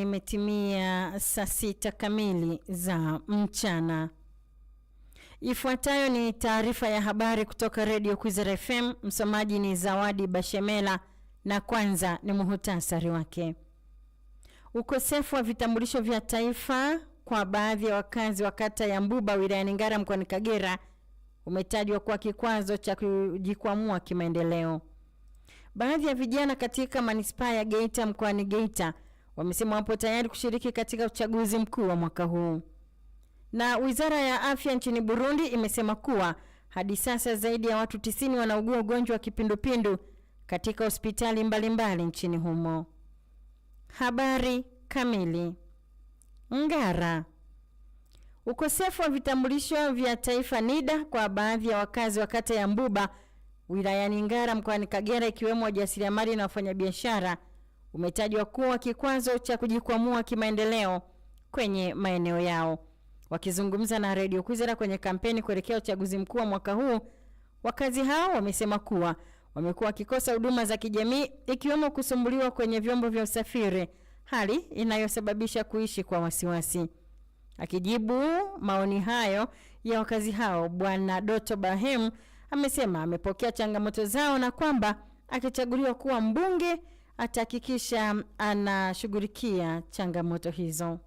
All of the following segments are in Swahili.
Imetimia saa sita kamili za mchana. Ifuatayo ni taarifa ya habari kutoka Redio Kwizera FM. Msomaji ni Zawadi Bashemela na kwanza ni muhutasari wake. Ukosefu wa vitambulisho vya taifa kwa baadhi ya wakazi wa kata ya Mbuba wilayani Ngara mkoani Kagera umetajwa kuwa kikwazo cha kujikwamua kimaendeleo. Baadhi ya vijana katika manispaa ya Geita mkoani Geita wamesema wapo tayari kushiriki katika uchaguzi mkuu wa mwaka huu. Na wizara ya afya nchini Burundi imesema kuwa hadi sasa zaidi ya watu tisini wanaugua ugonjwa wa kipindupindu katika hospitali mbalimbali nchini humo. Habari kamili. Ngara. Ukosefu wa vitambulisho vya taifa NIDA kwa baadhi ya wakazi wa kata ya Mbuba wilayani Ngara mkoani Kagera, ikiwemo wajasiriamali na wafanyabiashara umetajwa kuwa kikwazo cha kujikwamua kimaendeleo kwenye maeneo yao. Wakizungumza na redio Kwizera kwenye kampeni kuelekea uchaguzi mkuu wa mwaka huu, wakazi hao wamesema kuwa wamekuwa wakikosa huduma za kijamii ikiwemo kusumbuliwa kwenye vyombo vya usafiri, hali inayosababisha kuishi kwa wasiwasi. Akijibu maoni hayo ya wakazi hao, Bwana Doto Bahem amesema amepokea changamoto zao na kwamba akichaguliwa kuwa mbunge atahakikisha anashughulikia changamoto hizo.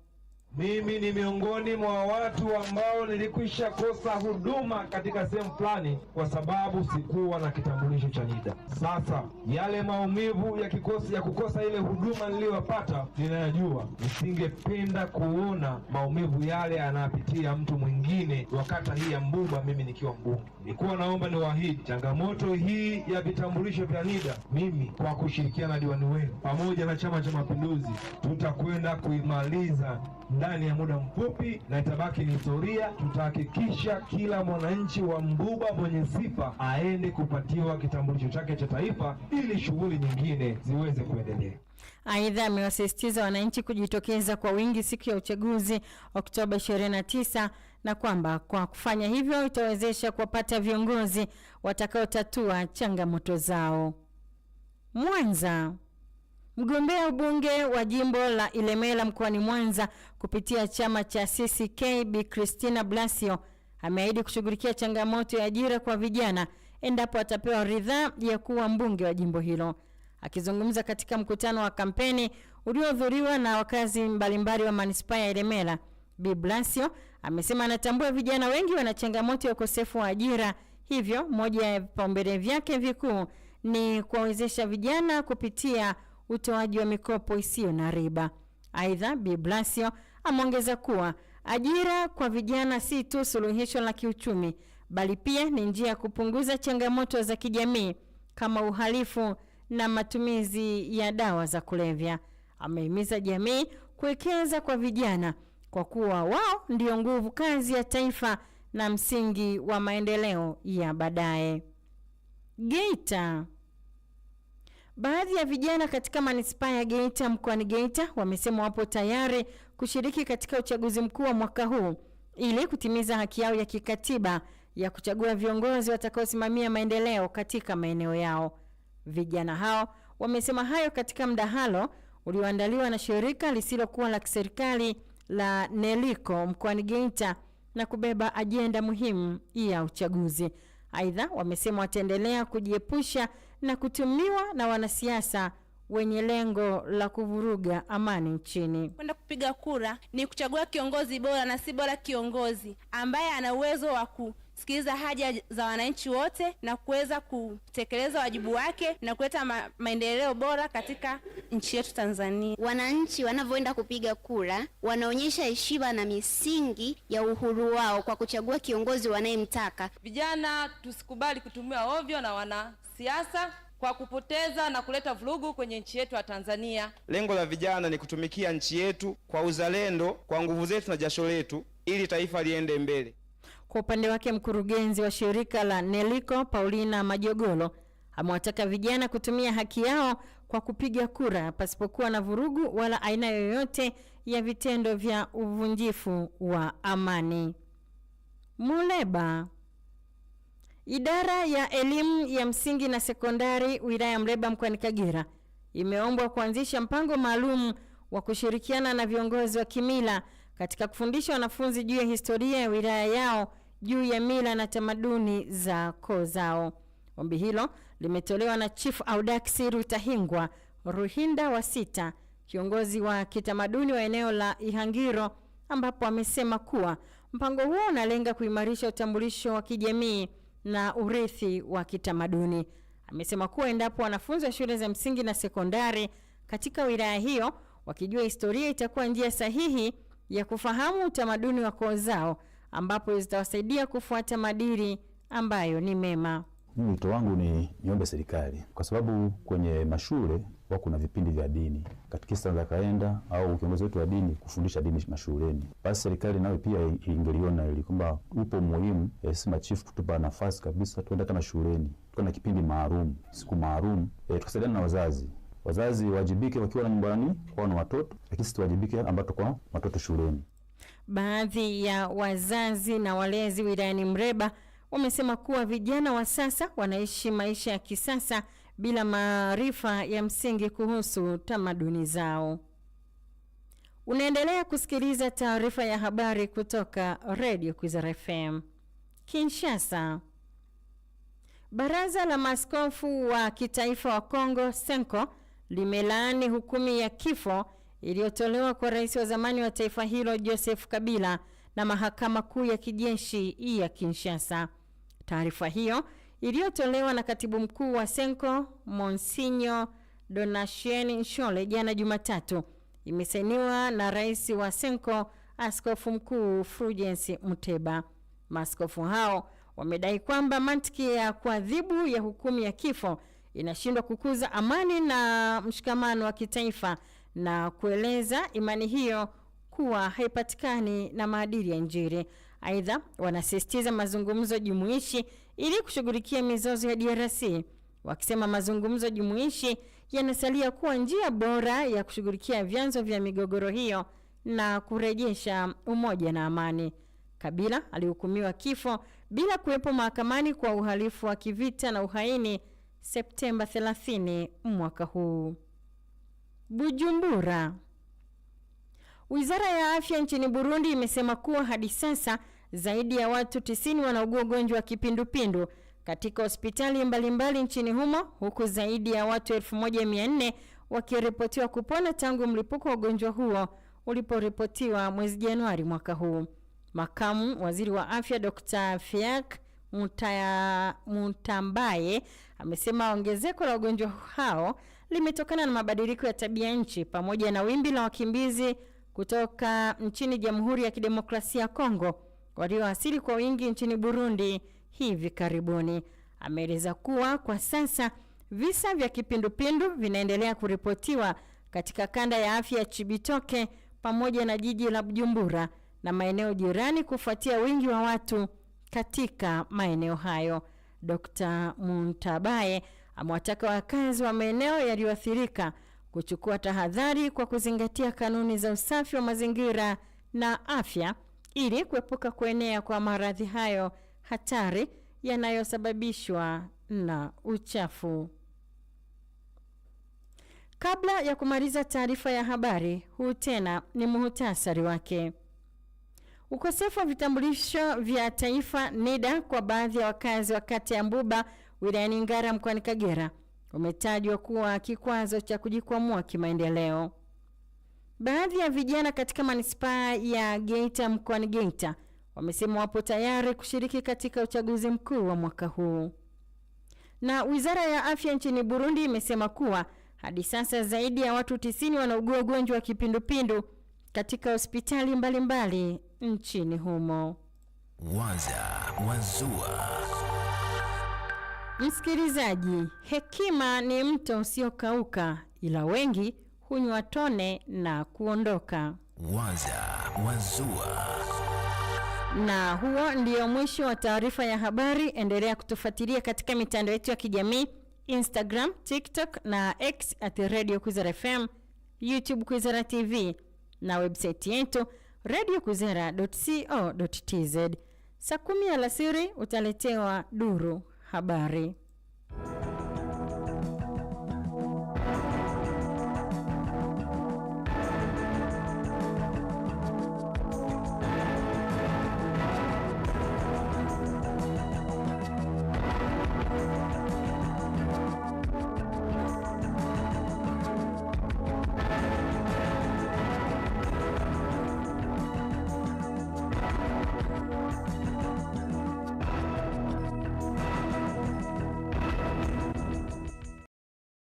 Mimi ni miongoni mwa watu ambao nilikwisha kosa huduma katika sehemu fulani kwa sababu sikuwa na kitambulisho cha NIDA. Sasa yale maumivu ya kikosi ya kukosa ile huduma niliyopata ninayajua. Nisingependa kuona maumivu yale anapitia mtu mwingine wa kata hii ya Mbuba, mimi nikiwa mbunge. Nilikuwa naomba niwaahidi, changamoto hii ya vitambulisho vya NIDA, mimi kwa kushirikiana na diwani wenu pamoja na Chama cha Mapinduzi tutakwenda kuimaliza ndani ya muda mfupi na itabaki ni historia. Tutahakikisha kila mwananchi wa Mbuba mwenye sifa aende kupatiwa kitambulisho chake cha taifa ili shughuli nyingine ziweze kuendelea. Aidha, amewasisitiza wananchi kujitokeza kwa wingi siku ya uchaguzi Oktoba 29 na kwamba kwa kufanya hivyo itawezesha kuwapata viongozi watakaotatua changamoto zao. Mwanza Mgombea ubunge wa jimbo la Ilemela mkoani Mwanza kupitia chama cha CCK Bi Christina Blasio ameahidi kushughulikia changamoto ya ajira kwa vijana endapo atapewa ridhaa ya kuwa mbunge wa jimbo hilo. Akizungumza katika mkutano wa kampeni uliohudhuriwa na wakazi mbalimbali wa manispaa ya Ilemela, Bi Blasio amesema anatambua vijana wengi wana changamoto ya ukosefu wa ajira, hivyo moja ya vipaumbele vyake vikuu ni kuwawezesha vijana kupitia utoaji wa mikopo isiyo na riba. Aidha, Biblasio ameongeza kuwa ajira kwa vijana si tu suluhisho la kiuchumi, bali pia ni njia ya kupunguza changamoto za kijamii kama uhalifu na matumizi ya dawa za kulevya. Amehimiza jamii kuwekeza kwa vijana kwa kuwa wao ndio nguvu kazi ya taifa na msingi wa maendeleo ya baadaye. Geita Baadhi ya vijana katika manispaa ya Geita mkoani Geita wamesema wapo tayari kushiriki katika uchaguzi mkuu wa mwaka huu ili kutimiza haki yao ya kikatiba ya kuchagua viongozi watakaosimamia maendeleo katika maeneo yao. Vijana hao wamesema hayo katika mdahalo ulioandaliwa na shirika lisilokuwa la kiserikali la neliko mkoani Geita na kubeba ajenda muhimu ya uchaguzi. Aidha, wamesema wataendelea kujiepusha na kutumiwa na wanasiasa wenye lengo la kuvuruga amani nchini. Kwenda kupiga kura ni kuchagua kiongozi bora na si bora kiongozi ambaye ana uwezo wa kusikiliza haja za wananchi wote na kuweza kutekeleza wajibu wake na kuleta ma maendeleo bora katika nchi yetu Tanzania. Wananchi wanavyoenda kupiga kura wanaonyesha heshima na misingi ya uhuru wao kwa kuchagua kiongozi wanayemtaka. Vijana tusikubali kutumiwa ovyo na wana siasa kwa kupoteza na kuleta vurugu kwenye nchi yetu ya Tanzania. Lengo la vijana ni kutumikia nchi yetu kwa uzalendo, kwa nguvu zetu na jasho letu, ili taifa liende mbele. Kwa upande wake, mkurugenzi wa shirika la NELICO Paulina Majogolo amewataka vijana kutumia haki yao kwa kupiga kura pasipokuwa na vurugu wala aina yoyote ya vitendo vya uvunjifu wa amani. Muleba Idara ya elimu ya msingi na sekondari wilaya ya Mreba mkoani Kagera imeombwa kuanzisha mpango maalum wa kushirikiana na viongozi wa kimila katika kufundisha wanafunzi juu ya historia ya wilaya yao, juu ya mila na tamaduni za koo zao. Ombi hilo limetolewa na Chief Audax Rutahingwa Ruhinda wa sita, kiongozi wa kitamaduni wa eneo la Ihangiro, ambapo amesema kuwa mpango huo unalenga kuimarisha utambulisho wa kijamii na urithi wa kitamaduni. Amesema kuwa endapo wanafunzi wa shule za msingi na sekondari katika wilaya hiyo wakijua historia, itakuwa njia sahihi ya kufahamu utamaduni wa koo zao, ambapo zitawasaidia kufuata madiri ambayo ni mema. Wito wangu ni niombe serikali, kwa sababu kwenye mashule kwa kuna vipindi vya dini, katekista anaweza kaenda au kiongozi wetu wa dini kufundisha dini mashuleni. Basi serikali nayo pia ingeliona ili kwamba upo muhimu e, eh, si machifu kutupa nafasi kabisa, tuende hata mashuleni tukawa na kipindi maalum, siku maalum e, eh, tukasaidiana na wazazi wazazi wajibike wakiwa na nyumbani kwa na watoto, lakini sisi tuwajibike ambao kwa watoto shuleni. Baadhi ya wazazi na walezi wilayani Mreba wamesema kuwa vijana wa sasa wanaishi maisha ya kisasa bila maarifa ya msingi kuhusu tamaduni zao. Unaendelea kusikiliza taarifa ya habari kutoka Radio Kwizera FM. Kinshasa. Baraza la Maaskofu wa Kitaifa wa Kongo Senko limelaani hukumu ya kifo iliyotolewa kwa rais wa zamani wa taifa hilo Joseph Kabila na mahakama kuu ya kijeshi ya Kinshasa. Taarifa hiyo iliyotolewa na katibu mkuu wa Senko Monsinyo Donatien Nshole jana Jumatatu imesainiwa na rais wa Senko askofu mkuu Fulgence Muteba. Maaskofu hao wamedai kwamba mantiki ya kuadhibu ya hukumu ya kifo inashindwa kukuza amani na mshikamano wa kitaifa na kueleza imani hiyo kuwa haipatikani na maadili ya Injili. Aidha, wanasisitiza mazungumzo jumuishi ili kushughulikia mizozo ya DRC, wakisema mazungumzo jumuishi yanasalia kuwa njia bora ya kushughulikia vyanzo vya migogoro hiyo na kurejesha umoja na amani. Kabila alihukumiwa kifo bila kuwepo mahakamani kwa uhalifu wa kivita na uhaini Septemba 30 mwaka huu. Bujumbura. Wizara ya Afya nchini Burundi imesema kuwa hadi sasa zaidi ya watu 90 wanaugua ugonjwa wa kipindupindu katika hospitali mbalimbali mbali nchini humo huku zaidi ya watu 1400 wakiripotiwa kupona tangu mlipuko wa ugonjwa huo uliporipotiwa mwezi Januari mwaka huu. Makamu Waziri wa Afya Dr. Fiak Mutaya, Mutambaye amesema ongezeko la ugonjwa hao limetokana na mabadiliko ya tabia nchi pamoja na wimbi la wakimbizi kutoka nchini Jamhuri ya Kidemokrasia ya Kongo walioasili kwa wingi nchini Burundi hivi karibuni. Ameeleza kuwa kwa sasa visa vya kipindupindu vinaendelea kuripotiwa katika kanda ya afya ya Chibitoke pamoja na jiji la Bujumbura na maeneo jirani kufuatia wingi wa watu katika maeneo hayo. Dkt. Muntabaye amewataka wakazi wa maeneo yaliyoathirika kuchukua tahadhari kwa kuzingatia kanuni za usafi wa mazingira na afya ili kuepuka kuenea kwa maradhi hayo hatari yanayosababishwa na uchafu. Kabla ya kumaliza taarifa ya habari, huu tena ni muhtasari wake. Ukosefu wa vitambulisho vya taifa NIDA kwa baadhi ya wakazi wa kata ya Mbuba wilayani Ngara mkoani Kagera umetajwa kuwa kikwazo cha kujikwamua kimaendeleo. Baadhi ya vijana katika manispaa ya Geita mkoani Geita wamesema wapo tayari kushiriki katika uchaguzi mkuu wa mwaka huu. Na Wizara ya Afya nchini Burundi imesema kuwa hadi sasa zaidi ya watu tisini wanaugua ugonjwa wa kipindupindu katika hospitali mbalimbali mbali nchini humo. Waza Wazua. Msikilizaji, hekima ni mto usiokauka, ila wengi hunywa tone na kuondoka. Waza Wazua. Na huo ndio mwisho wa taarifa ya habari. Endelea kutufuatilia katika mitandao yetu ya kijamii Instagram, TikTok na X at Radio Kwizera FM, YouTube Kwizera TV na website yetu radiokwizera.co.tz. Saa kumi alasiri utaletewa duru habari.